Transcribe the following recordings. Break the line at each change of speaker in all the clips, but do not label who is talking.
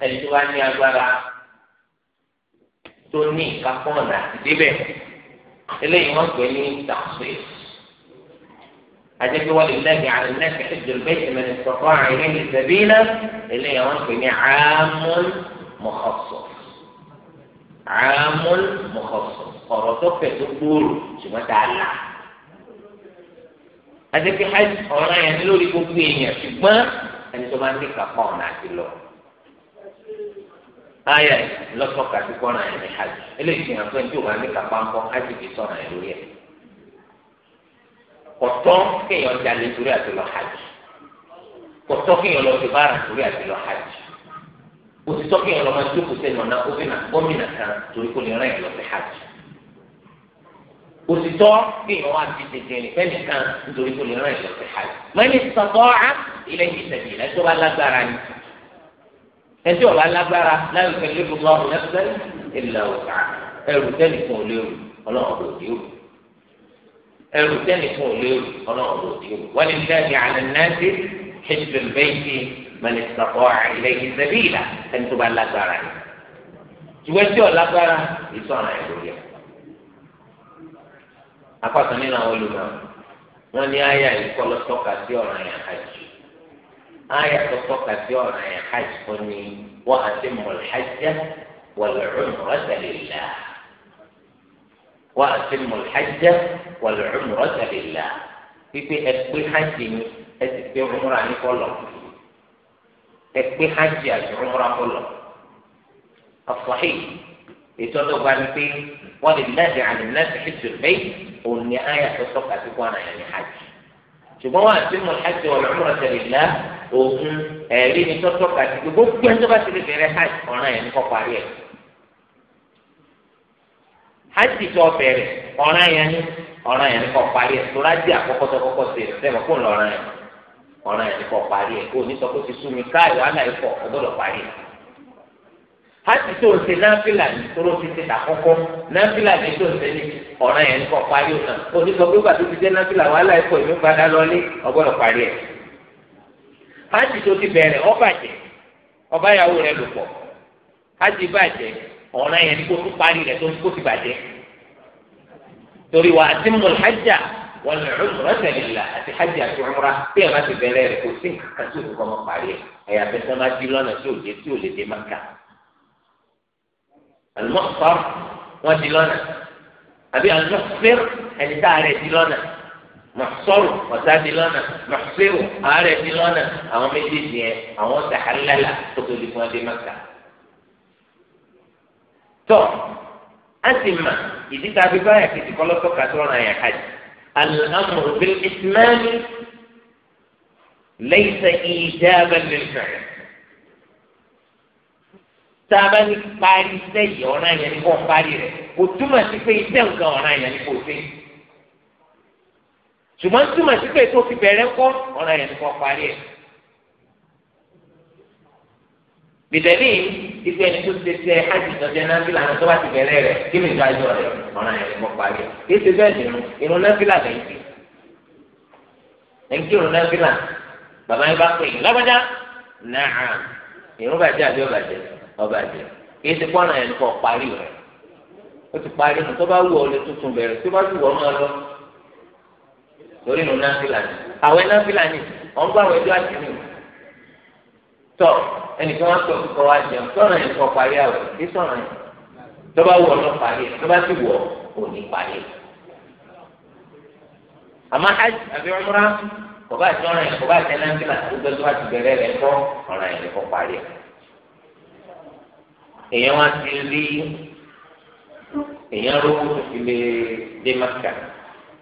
ẹni tó bá ní agbára tó ní ìkápọ̀ ọ̀nà àti débẹ̀ eléyìí wọ́n pè ní tàṣí àjẹpẹ́ wọlé lẹ́gbẹ̀ẹ́ àrùn lẹ́sẹ̀ ìjọba bẹ́ẹ̀ mẹ́rin sọ̀kọ́ àìní ìsẹ̀bílẹ̀ eléyìí wọ́n pè ní àmúl mọ̀kọ́sọ̀ àmúl mọ̀kọ́sọ̀ ọ̀rọ̀ tó fẹ̀ tó gbòòrò ṣùgbọ́n tá a là àjẹpẹ́ ọ̀ràn yẹn lórí gbogbo èèyàn ṣùgbọ́n ẹni tó bá ń dé kápọ̀ àti lọ. ayà lọsọ lọ́sọ̀ kàti kọ́ra yẹn ní hajj eléyìí ti hàn fún ẹni tí o pé ní òwò ń kọ hajj fi sọ̀rọ̀ yẹn lórí ẹ̀ kọ̀tọ́ kéèyàn jalè torí àti lọ hajj kọtọ kéèyàn lọ sí bára torí àti lọ hajj òtítọ kéèyàn lọ máa jókòó sẹni ọ̀nà gómìnà gómìnà kan torí kò lè rìn lọ sí hajj òtítọ kéèyàn wá ní tètèrè nìkan torí kò lè rìn lọ sí hajj mẹ́ni sọ̀tọ́ á ilé yìí ìṣẹ̀lẹ̀ ẹ̀ tó bá lágbára ni. ẹtí ọba lágbára láyò pẹ̀lú ìlúgbọ ọmọdé ìlà òkà ẹrù tẹnì fún olóòrù Ọlọ́run ló dé òrù ẹrù tẹnì fún olóòrù Ọlọ́run ló dé òrù wọn ni sẹbi àná nàásì kẹsìtì bẹẹsì mẹlẹsàkọ àìlẹ ìsẹbí ìlà ẹni tó bá lágbára ni ìwé tí ọ lágbára ìsọ̀ràn ẹ̀ lórí ẹ̀ nínú àwọn olùmọ̀ wọn ní àyà ìkọlọ́tọ́ka sí ọ̀ràn ẹ̀ آية تطلق سيونا يا حج قني وأتم الحج والعمرة لله وأتم الحج والعمرة لله في أكبر حج أتكبر عمرة عن كله أكبر حج عن عمرة كله الصحيح يتوضع بعد في ولله عن الناس حج البيت وإن آية تطلق سيونا يعني حج شوفوا أتم الحج والعمرة لله òun ẹ̀rí ni tọ́tọ́ kàti gbogbo gbẹ́ńtọ́ bá ti lè bẹ̀rẹ̀ hajj ọ̀ràn yẹn ní kọ́ parí ẹ̀ hajj tó bẹ̀rẹ̀ ọ̀ràn yẹn ní ọ̀ràn yẹn ní kọ́ parí ẹ̀ tó rájì àkọ́kọ́ tó kọ́kọ́ sí ẹ̀ sẹ́wọ̀n kó ń lọ ọ̀ràn yẹn ọ̀ràn yẹn ní kọ́ parí ẹ̀ kó ní sọ pé ti sú mi káàyò àná ẹ̀fọ́ ọgbọ́dọ̀ parí ẹ̀ hajj tó ń ṣe náfìlà ní tóró ti ti dàkọ́kọ́ náfìlà ní tó ń ṣe ní ọ̀ràn yẹn kọ́ parí ẹ̀ kó sọ pé gbàdúgbò jẹ́ náfìlà wàhálà ẹ̀fọ́ ìmúpadà lọ́lé ájì tó ti bẹ̀rẹ̀ ó bàjẹ́ ọba ìyàwó rẹ̀ lò pọ̀ ájì bàjẹ́ ọ̀ràn yẹn ni kó tún parí rẹ̀ tó ń kó ti bàjẹ́ torí wa àti mọ̀lẹ́jà wọn lè rún rọ́ṣẹ̀ nílà àti hajj àti umra bí ẹ̀ bá ti bẹ̀rẹ̀ rẹ̀ kò sí nǹkan tí òkú kọ́mọ parí ẹ̀ ẹ̀yà fẹsẹ̀ máa di lọ́nà tí òde tí òde dé máa kà àlùmọ́ọ̀fọ́ wọn di lọ́nà àbí àlùmọ́ọ̀fẹ́ ẹni tá a rẹ̀ di lọ́nà mọ̀sọ́rù ọ̀sáàdì lọ́nà mọ̀sẹ́rù ààrẹ ti lọ́nà àwọn méjèèjì yẹn àwọn sàhálàlà tó tó di fún adé mọ́ta. tọ́ a sì mà ìdí tá a fi báyà kìtì kọ́ lọ́tọ́ ká sọ́ra yẹn hajj al-amru bil-islam laysa ijaban lil-fi'l. tá a bá ní parí iṣẹ́ yìí ọ̀ràn yẹn ni kò parí rẹ̀ kò túmọ̀ sí pé iṣẹ́ nǹkan ọ̀ràn yẹn ni kò sí ṣùgbọ́n túmọ̀ sí pé tó fi bẹ̀rẹ̀ kọ́ ọ̀ràn yẹn kọ́ parí ẹ̀. bìtẹ̀lì ìgbẹ́ ẹni tó ṣe ṣe hajj tọ́jú náfìlà náà tó bá ti bẹ̀rẹ̀ rẹ̀ kí ni ìdájọ́ rẹ̀ ọ̀ràn yẹn kọ́ parí ẹ̀. kí ṣe bẹ́ẹ̀ dìrún irun náfìlà lẹ́yìn tí. ẹ̀ńkí irun náfìlà bàbá yín bá pè é lọ́gbọ́dá náà irun bàjẹ́ àbí ọ̀bàjẹ́ ọ̀bàjẹ́ kí ṣe kọ́ ọ̀ràn yẹn kọ́ parí rẹ̀ ó ti parí tó bá wù ọ́ lè tuntun bẹ̀rẹ̀ torí nu náfìlà ni àwẹ̀ náfìlà ni wọn gbọ́ àwọn ẹjọ́ àti mi tọ ẹnìkan wọn sọ kọ wa jẹun sọ̀rọ̀ yẹn kọ parí àwẹ̀ kí sọ̀rọ̀ yẹn tọba wọ ọ lọ parí ẹ tọba sì wọ ò ní parí ẹ àmọ́ hajj àbí ọmọra kọba àtọrọ yẹn kọba àtẹ náfìlà gbogbo tó bá ti bẹ̀rẹ̀ rẹ kọ ọ̀rọ̀ yẹn kọ parí ẹ èèyàn wá ti rí èèyàn rówó tó fi lè dé mákà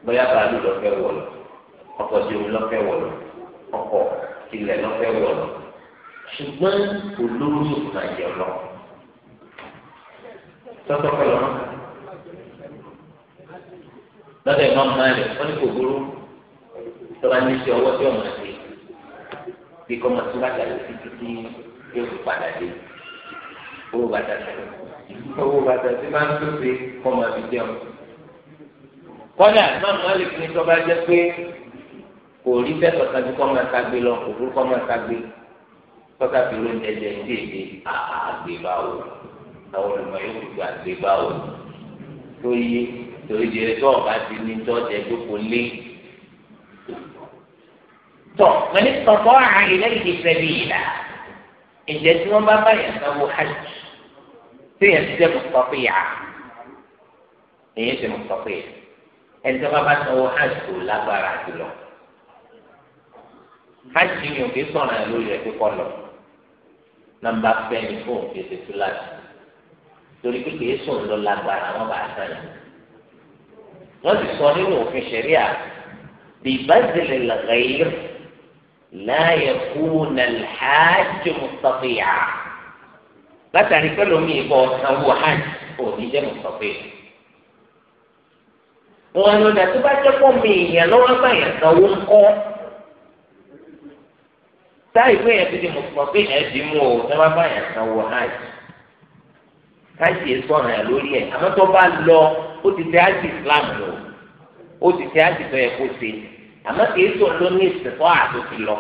bóyá bàálù lọ fẹ́ wọ̀ ọkọ̀ tí omi lọ́fẹ́ wọ̀ lọ ọkọ̀ ilẹ̀ lọ́fẹ́ wọ̀ lọ ṣùgbọ́n olóró yóò fún àjẹ lọ tọ́tọ́ pẹ̀lú ọ̀nà lọ́dọ̀ ìmọ̀ máa rẹ̀ wọ́n ní kò burú tọ́ba ní sí ọwọ́ tí ọmọ ẹ̀sìn bí kọ́ máa tún bàtà lọ sí yóò fi padà dé owó bàtà sẹ́yìn owó bàtà tí máa ń tó ṣe kọ́ máa jẹun kọ́dà náà máa lè fi ní tọ́ba jẹ́ pé kò rí bẹ́ẹ̀ tọ́ka bí kọ́ máa kagbe lọ kò burú kọ́ máa kagbe tọ́ka fi ló ń jẹjẹ ní èdè àgbébáwò àwọn olùmọ̀ yóò fi àgbébáwò tó yé torí jẹ tó ọba ti ní tó jẹ tó kò lé. tọ́ mẹ́lí tọ́tọ́ àárín ilé ìdí sẹ́bi ìlà ìjẹ́ tí wọ́n bá báyà sanwó hajj téèyàn ti jẹ́ mọ̀tọ́pẹ́ yà èyí ti mọ̀tọ́pẹ́ ẹni tó bá bá sanwó hajj kò lágbára jùlọ hajj ni òkè sọ̀rọ̀ ẹ̀ lórí ẹ̀ kíkọ́ lọ nàmbà fẹ́ni fún òkè tètú láti torí pé kìí sùn lọ lágbára wọn bá sàn yìí wọ́n sì sọ nínú òfin ṣẹ̀ríà bìbázìlì lẹ́yìn láàyè kúrúnà hajj mustapha látàrí pé lómi ìbọn sanwó hajj òní jẹ́ mustapha wọn lọ́dà tó bá jẹ́ pọ́ mi ìyẹn lọ́wọ́ báyà sanwó ń táyì pé yẹn ti di mọ̀tò pé yẹn ti mú o ẹ má bá yẹn san wọ hajj hajj yẹn sọ̀rọ̀ yẹn lórí ẹ̀ àmọ́ tó bá lọ ó ti tẹ hajj islam lọ ó ti tẹ hajj tó yẹ kó ṣe àmọ́ kìí sọ ló ní ìsìnkọ́ àtó ti lọ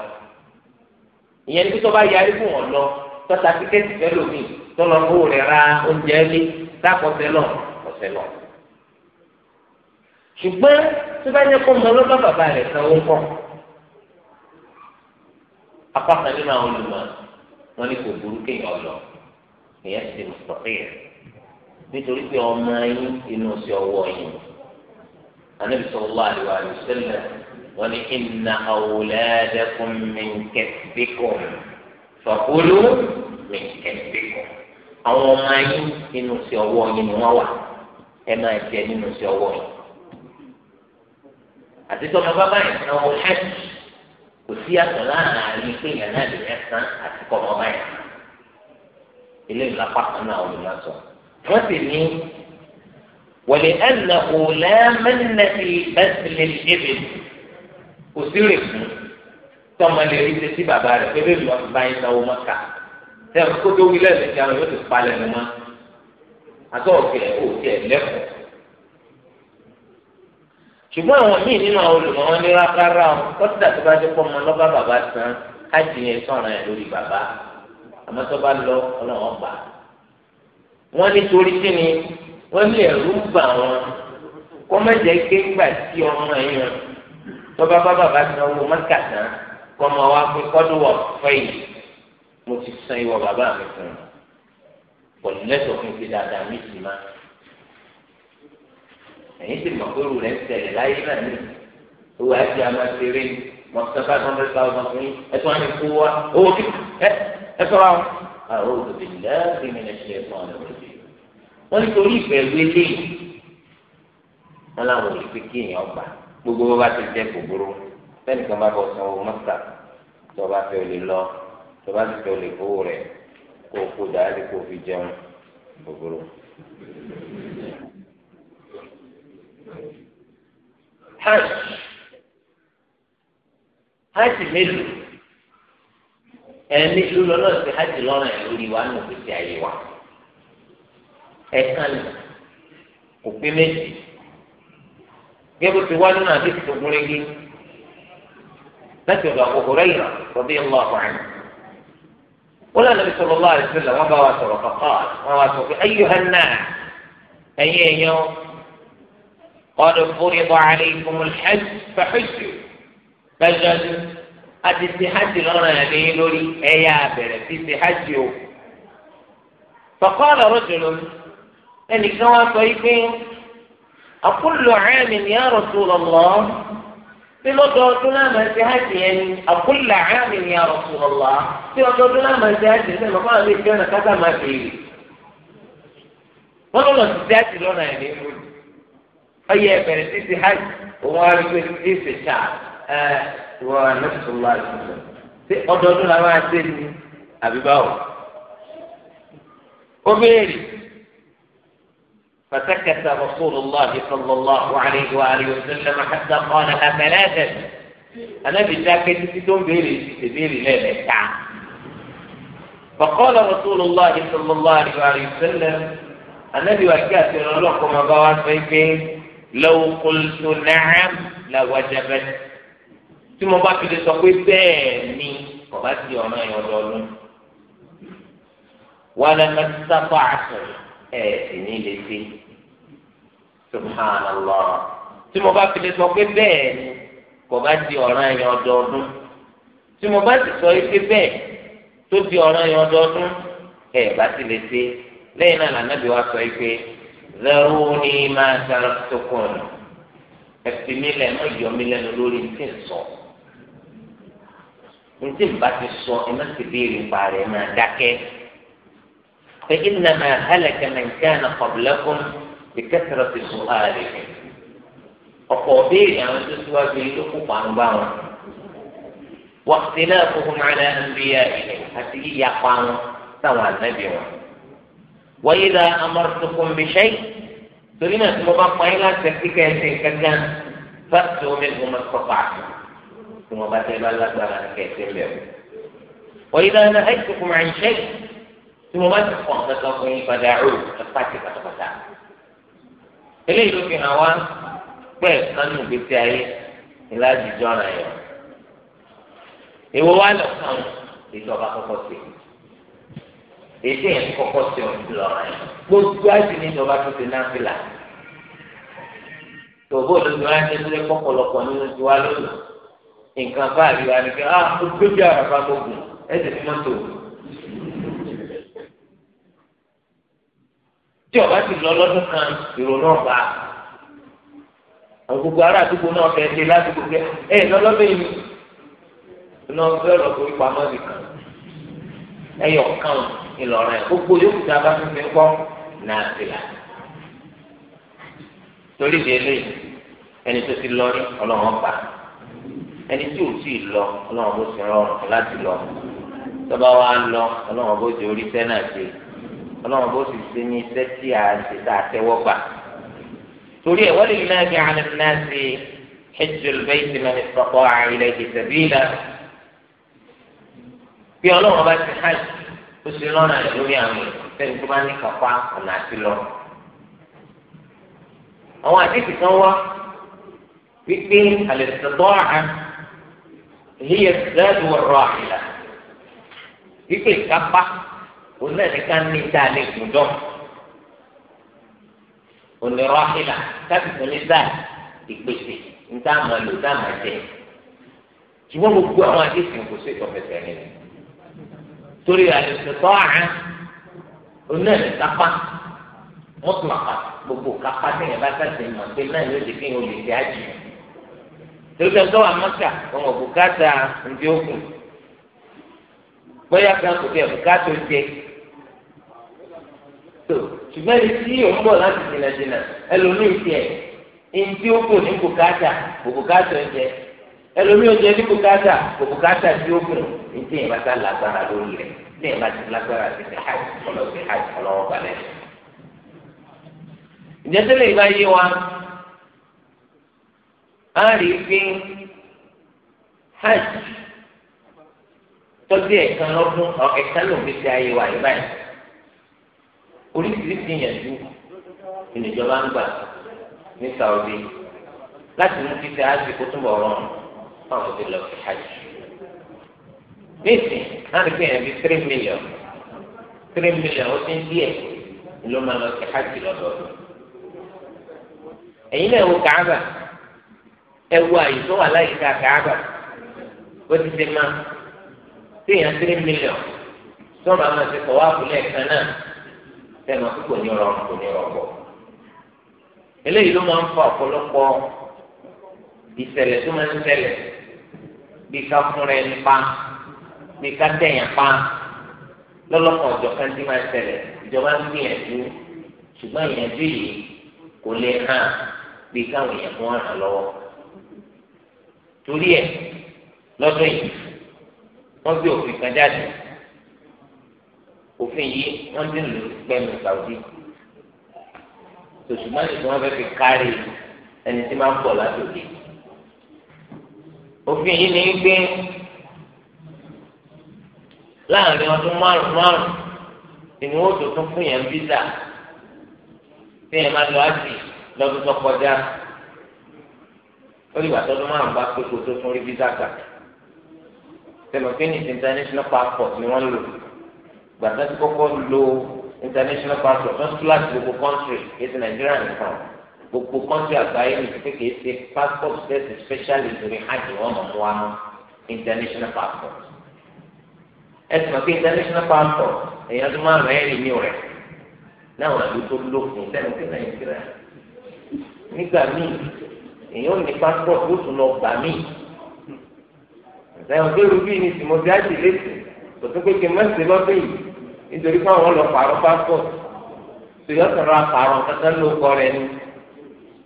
ìyẹn ní tó bá yarí fún wọn lọ tọ́ta tíkẹ́tì fẹ́ lómi tọ́lọ owó rẹ̀ ra oúnjẹ lé sákọ̀ọ́sẹ̀ lọ ọ̀sẹ̀ lọ. ṣùgbọ́n tó bá yẹ kó mọ lọ́ba bàbá rẹ̀ sanwó kọ́ apákan nínú àwọn olùmọ̀ wọn ní kò burú kéèyàn ọlọ èyàn ti di mùsùlùmí nítorí pé ọmọ yín inú sí ọwọ́ yín anabi sallallahu alaihi wa sallam wọn ní inna awladakum min kasbikum fakulu min kasbikum àwọn ọmọ yín inú sí ọwọ́ yín ni wọn wà ẹ máa jẹ nínú sí ọwọ́ yín àti tọmọ bàbá yìí àwọn hajj kò sí àtọ̀ láàrin àárín pé èèyàn náà lè ẹ̀sán àti kọ̀mọ́ báyìí eléyìí lápá kan náà wọ́n lọ sọ. wọ́n sì ní wọ̀lẹ̀ ẹ̀nà kò lẹ́ẹ̀mẹ́nà ti bẹ́sílẹ̀ ébè kò sí rè fún tọ́mọ lè rí ṣe sí bàbá rẹ̀ pé bébí wọn bá yín náwó mọ́ta tẹ́ kó tó wí lẹ́sẹ̀ kí yóò ti palẹ̀ ní àtọ́ òkè òkè lẹ́kọ̀ọ́ ṣùgbọ́n àwọn míì nínú àwọn olùmọ̀wọ́n ní rákàrà ọ kọ́tà tó bá dé pọ́ ọmọ lọ́ba bàbá san káàdì yẹn sọ̀rọ̀ yẹn lórí bàbá àmọ́ tó bá lọ ọlọ́wọ́ gbà. wọ́n ní torí kí ni wọ́n ní ẹ̀rú gbà wọn kọ́ mẹ́jẹ ké gbà sí ọmọ yẹn tó bá bá bàbá san owó mẹ́ta tán kọ́ ọmọ wa pé kọ́dún wọ̀ fẹ́ yìí mo ti san ìwọ bàbá mi fún un kò lẹ́sọ̀ fún mi dáadáa mi sì máa ẹ̀yin sì mọ̀ pé irú rẹ̀ ń tẹ̀lé láyé náà ní owó àti àmọ́ ṣeré ni mọ̀ sí five hundred thousand fún yín ẹ̀tún àmì kó wa owó kí ẹ ẹ sọ́ra wọn. àwọn olùdókè lẹ́ẹ̀kì mi lẹ́sẹ̀ ẹ̀fọn ọ̀nà òde wọ́n ní torí ìfẹ́ wélé wọn láwọn ò lè fi kí èèyàn gbà gbogbo wọn bá ti jẹ́ kòkòrò fẹ́nìkan bá bọ̀ sanwó mọ́tà tó bá fẹ́ olè lọ tó bá ti fẹ́ olè fowó rẹ̀ kó o kó dáa kó o fi jẹun kòkòrò hajj hajj mélòó ẹ̀mí ló lọ́nà sí hajj lọ́rùn ẹ̀ lórí wa nù gbèsè ayé wa ẹ̀kan nì kò pé méjì gẹ́gẹ́ bí wọ́n nínú àti ìtòkùn rẹ́gí láti ọ̀dọ̀ àkókò rẹ́yìn rọ̀bí ńlá ọ̀hún. wọ́n lọ́nà bí sọ̀rọ̀ lọ́wọ́ àti sọ̀rọ̀ wọ́n bá wa sọ̀rọ̀ kọ̀kọ́ wọ́n wá sọ pé ayé hàn náà ẹ̀yin ẹ̀yàn قد فرض عليكم الحج فحجوا بجد أدي الحج لنا نبيل لي أي عبر في إيه فقال رجل أن كوا طيبين أقول عام يا رسول الله في لطوط لا ما يعني أقول عام يا رسول الله في لطوط لا يعني. ما سيهاتي زي ما قال لي كان كذا ما فيه فقال له سيهاتي لنا يا نبيل ọyẹ ẹbẹ̀rẹ̀ títí hajj òun á rí pé الله ṣá ẹ wọ anásùlá ìṣẹ̀lẹ̀ ṣé ọdọọdún làwọn àṣẹ ni àbí ó فسكت رسول الله صلى الله عليه وآله وسلم حتى قال ثلاثة أنا بذاك تتون بيري بيري لا لا فقال رسول الله صلى الله عليه وآله وسلم النبي وكاتب لكم أبوات بيتي law qultu na'am la wajabat tí mo bá fi lè sọ pé bẹ́ẹ̀ ni ọba ti ọ̀nà yẹn ọdọọdún wà lẹ́nu sábà àtọ̀ ẹ̀ sì ní lè ṣe subhanallah tí mo bá fi lè sọ pé bẹ́ẹ̀ ni ọba ti ọ̀nà yẹn ọdọọdún tí mo bá ti sọ pé bẹ́ẹ̀ tó di ọ̀nà yẹn ọdọọdún ẹ̀ bá ti lè ṣe lẹ́yìn náà lànà bí wàá sọ pé zẹrúni máa sára tó kọ ọ ẹfì mi lẹ má yọ mi lẹ́nu lórí ntí sọ ntí bá ti sọ ẹ má ti béèrè parí ẹ máa dákẹ́ fẹ ìnàmà hàlẹkẹ nàìjíríà kọbìlẹkùn ìkẹsìrẹ ti sùn ààrẹ ọkọ béèrè àwọn tó síwájú yìí ló kó pàǹgbà wọn wọ́n ti náà fún un máa ń bí ẹ àti yíyapa wọn sáwọn ànábì wọn wa idha amartukum bi shay torí náà tí mo bá pa yín láti kíkẹ́ ẹsẹ̀ kankan fásitì omi ìgbọ́n máa kọ́ pàṣẹ tí mo bá tẹ́ bá lágbára kẹ́sẹ̀ mẹ́wò. wa idha nahaytukum an shay tí mo bá ti pọ̀ kankan fún yín padà rò ẹ̀pá ti pátápátá. eléyìí ló fi hàn wá pẹ́ kánú gbèsè ayé ìlàjì jọ́ra yẹn. èwo wá lọ ìjọba kọ́kọ́ sí i èdè yẹn kọ́kọ́ sí ọ lọ́rọ̀ yẹn gbogbo àti níjọba tó ti náà fi là tòbó lóbi wá ní ẹgbẹ́ pọ̀pọ̀lọpọ̀ nínú tiwa lónìí nǹkan bá àríwá ni pé a ah, gbébi àràbà gbogbo ẹsẹ̀ tí wọ́n tò tí ọba ti lọ lọ́dún kan ìrònú ọba gbogbo ará àdúgbò náà fẹ́ẹ́ ṣe láti gbogbo ẹ lọ́lọ́bẹ̀ yìí náà fẹ́ẹ́ rọ̀ pé pamọ́ nìkan ẹ̀yọ̀ kan ìlọrin ẹ̀ gbogbo yòókù tá a bá fi fi ń kọ́ náà sí la. torí ìdí eléyìí ẹni tó ti lọ rí ọlọ́run pa ẹni tí ò tí ì lọ ọlọ́run bó ti rọrùn láti lọ tọ́ba wa lọ ọlọ́run bó ti orí iṣẹ́ náà ṣe ọlọ́run bó ti ṣe ní iṣẹ́ tí a ṣe tá a tẹ́wọ́ gbà. torí ẹ̀ wọ́n lè ní ẹgbẹ́ àná náà ṣe hajjul bayti man istata'a ilayhi sabila bí ọlọ́run bá ti hajj ó sì lọ́nà lórí àmì sẹ́ni tó bá ní kápá ọ̀nà àti lọ. àwọn àdìsí kan wá wípé àlẹ́sọ̀tọ́ àhán èyí yẹ sẹ́ẹ̀dù ọ̀rọ̀ àmìlà wípé kápá òun náà ní ká ní dáa lè gùn dán onírọ̀ àmìlà káàkiri tó ní dáa ìpèsè ní táà máa lò táà máa jẹ ṣùgbọ́n gbogbo àwọn àdìsí kò sí ìtọ́fẹsẹ̀ nínú torí àìsètò àhán oní ẹ̀ẹ́dẹ́kápá mọ́tòlápá gbogbo kápá ní ẹ̀ bá tẹ̀sí ìmọ̀ pé náà yóò di kí n ò lè dé àjì torí ẹ̀sọ́ wa mọ́tà ọmọ bùkátà ndí òkun bóyá kan kò tẹ̀ bùkátà oúnjẹ tó ṣùgbọ́n ẹni tí òun bọ̀ láti jìnnà jìnnà ẹlòmíì tiẹ̀ ndí òkun ní bùkátà bùkátà oúnjẹ ẹlòmíì oúnjẹ ní bùkátà kò bùkátà tí ó kùn ní tí yẹn bá sá lágbára lórí rẹ̀ tí yẹn bá ti lágbára ti fi hajj kọlọ fi hajj kọlọ wọn balẹ̀. ìjẹ́sílẹ̀ ìgbà yé wa á rí i pé hajj tọ́jú ẹ̀kan lọ́dún ẹ̀kan lòmí ti ayé wa yìí báyìí oríṣiríṣi ìyànjú ìnìjọba ń gbà ní Saudi láti mú kí ti hajj kó túnbọ̀ rọrùn wọn kò fi lọ sí hajj nísìn láti pè yẹn bí three million three million ó ti ń díẹ̀ ló máa lọ sí hajj lọ́dọọdún ẹ̀yin náà wo kàába ẹ wo àyè tó wà láyìíká kàába ó ti ti máa téèyàn three million sọ̀rọ̀ àwọn àti kọ̀wá àkùlẹ̀ kan náà tẹ̀mọ̀ kí kò ní rọrùn kò ní rọrùn bọ̀. eléyìí ló máa ń fa ọ̀pọ̀lọpọ̀ ìṣẹ̀lẹ̀ tó máa ń ṣẹlẹ̀ bí ká fúnra ẹni pa bí ká tẹ̀yàn pa lọ́lọ́kọ̀ ọ̀jọ̀ kan tí máa ṣẹlẹ̀ ìjọba ń gbìyànjú ṣùgbọ́n ìyànjú yìí kò lè hàn bí káwọn èèyàn fún ọ̀ràn lọ́wọ́ torí ẹ̀ lọ́dún yìí wọ́n gbé òfin kan jáde òfin yìí wọ́n ti lò pẹ̀lú Saudi tòṣùmọ́ ìṣòwò fẹ́ fi kárí ẹni tí máa ń bọ̀ látòkè òfin yìí ni gbé láàrin ọdún márùn márùn ìní wọn tó tún fún yẹn fíìsà tí yẹn máa lọ àti lọ́dún tó kọjá ó lè gbà tọ́dún márùn bá pé kó tó tún rí fíìsà gbà tẹlifíìnì international passport ni wọ́n lò gbàtà tí kọ́kọ́ lo international passport wọ́n tún láti gbogbo country ètò Nàìjíríà nìkan gbogbo kọ́ńtì àgbáyé ní ti kékeré ṣe passport test especially torí hajj wọn mọ̀ mọ́ wọn international passport ẹsùn àti international passport èèyàn tó máa rẹ̀ ẹ́ ní rẹ̀ láwọn àdó tó lókun sẹ́nu sí nàìjíríà nígbà míì èèyàn ò ní passport ló tún lọ gbà míì lẹ́yìn tó rúbí ní tìmọ́tì àti lẹ́sìn kò tó pé kí n má ṣe lọ́dún yìí nítorí káwọn lọ pààrọ̀ passport tòyọ́sọ̀rọ̀ àpààrọ̀ kankan ló kọ́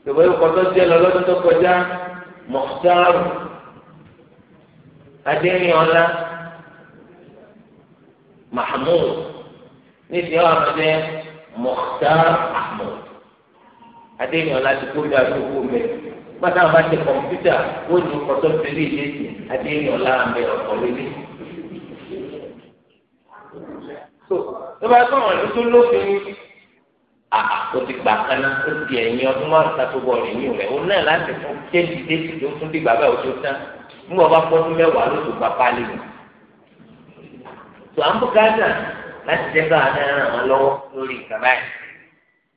ìwé ìkọ́tọ́ jẹ́ lọ lọ́dún tó kọjá Mukhtar Adéyìnọlá Mahmoud níbi ọ̀ àmọ́jẹ́ Mukhtar Mahmoud Adéyìnọlá ti kó bí adúgbò mẹ́rin gbàtà bá ti kọ̀mpútà ó ní ọ̀tọ̀ tẹ̀lé ìdẹ́sì adéyọ̀lá àmì ọ̀tọ̀ lélẹ̀. tó bá tó wọn ló lófin àà ah, o ti gbà kan náà o ti ẹ̀yìn ọdún márùn ká tó bọ̀ ẹ̀yìn rẹ̀ o náà láti fún kéèdì déètì tó tún dìgbà báyìí o tó tán nígbà bá pọ́dún mẹ́wàá ló tó gba pálí mi. tó à ń bùkátà láti jẹ́ ká àná ràn wọ́n lọ́wọ́ lórí ìkàrà ẹ̀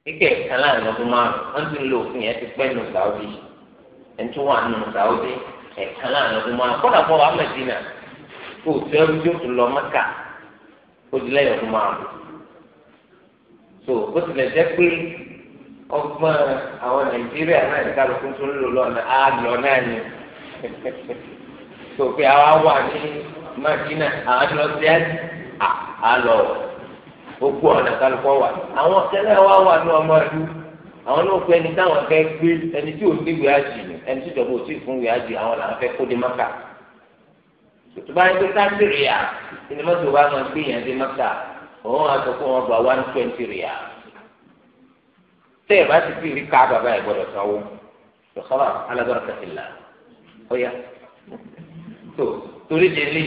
kíkẹ́ ìkan láàrin ọdún márùn wọ́n ti ń lo òfin yẹn ti pẹ́ nù sàódì ẹni tó wà nù sàódì ẹ̀kan láàrin ọdún márùn kọ́dà fún wa mẹ́dínà kó o tẹ́ ọdún tó lọ mẹ́kà ó di lẹ́yìn ọdún márùn so bó tilẹ̀ jẹ́ pé ọgbọ́n àwọn nàìjíríà náà nígbà lóko tó ń lò lọ́nà á lọ náà ni so pé àwa wà ní madina à ń lọ sí àjì à lọ gbogbo ọ̀nà kálukọ́ wà àwọn kẹlẹ́ wa wà ní ọmọ ẹ̀dú àwọn náà fẹ́ ẹni táwọn fẹ́ gbé ẹni tí ò ní ìwé àjì ẹni tí ìjọba ò tí ì fún ìwé àjì àwọn làwọn fẹ́ kó dé mọ́kà tó bá yẹ kó sáfìrì à ìdí mọ́tò wa máa gbé yẹn dé mọ́kà òun á sọ pé wọ́n gba one twenty rìal tẹ́ ẹ̀ bá ti fi rí ká bàbá ẹ̀ gbọ́dọ̀ sanwó lọ́sọ́lá alágbára kẹsìlá ó yá tó torí délé ní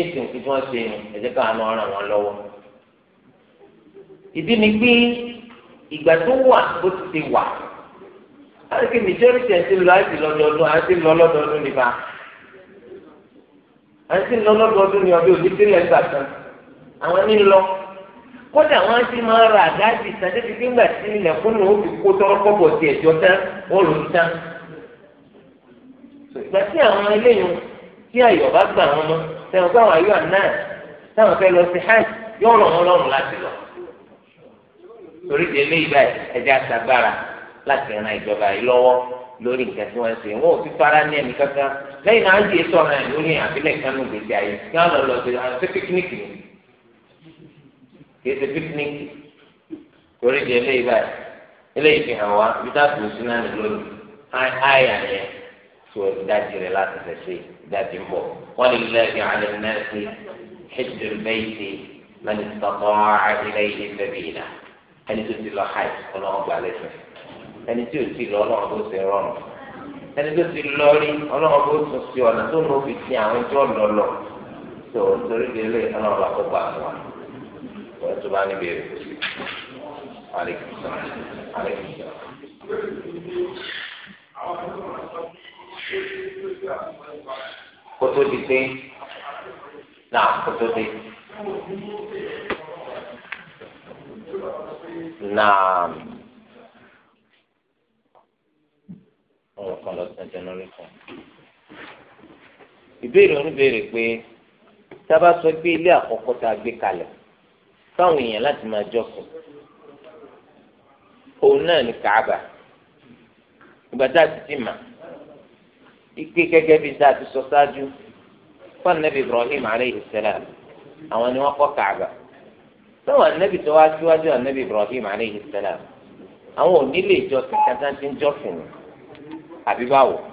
ìsìnkú tí wọ́n ṣe ẹ̀jẹ̀ káwọn náà ràn wọ́n lọ́wọ́ ìdí ni pé ìgbà tó wà ó ti ti wà láti kí majority ẹ̀ ti lọ àti lọ́dọọdún àti lọ lọ́dọọdún nípa àti lọ lọ́dọọdún ní ọdún òbí sílẹ̀ gbà tán. àwọn ní lọ kódà wọn ti máa ra àgáàjì sáré ti fi ilẹ̀ fún un ó fi kó tọrọkọ bọ̀ sí ẹ̀jọ́ tán wọ́n lò ó tán. ìgbà tí àwọn eléyìí tí ayọ̀ bá gbà wọn mọ́ sẹ́wọ̀n pé àwọn ayọ̀ náà táwọn fẹ́ lọ sí hajj yóò rọ̀ wọ́n lọ́rùn láti lọ. torí ti eléyìí báyìí ẹ̀jẹ̀ àtàgbára láti ran ìjọba yìí lọ́wọ́ lórí nǹkan tí wọ́n ṣe ò kìí ṣe píkíníkì torí di eléyìí báyìí eléyìí fi hàn wá ibi tá a tún sí náà nìlò ní àyà yẹn tó ìdájì rẹ láti fẹsẹ̀ ìdájì ń bọ̀ wọ́n lè lé ẹ̀yìn alẹ́ náà sí hijr bẹ́ẹ̀sì mẹ́ni tọ́tọ́ àìlẹ́ ilé bẹ́bí ìlà ẹni tó ti lọ hajj ọlọ́run gbà lẹ́sẹ̀ ẹni tó ti lọ ọlọ́run tó ti rọrùn ẹni tó ti lọ rí tó tún sí ọ̀nà tó lọ́ wọ́n oh, tún bá ní bèrè. Aleykum salaam. Aleykum Kótó di pé náà kótó di. Naam. Ọ̀rọ̀ kan lọ sí ẹjọ́ lórí kan. Ìbéèrè pé fáwọn èèyàn láti máa jọ́sìn òun náà ní kàába ìgbà tá a ti ti mà ike gẹ́gẹ́ bíi tá a ti sọ ṣáájú fún anabi ibrahim aleyhi salam àwọn ni wọ́n kọ́ kàába táwọn anabi tó wá síwájú anabi ibrahim aleyhi salam àwọn ò nílé ìjọsìn kátà ti ń àbí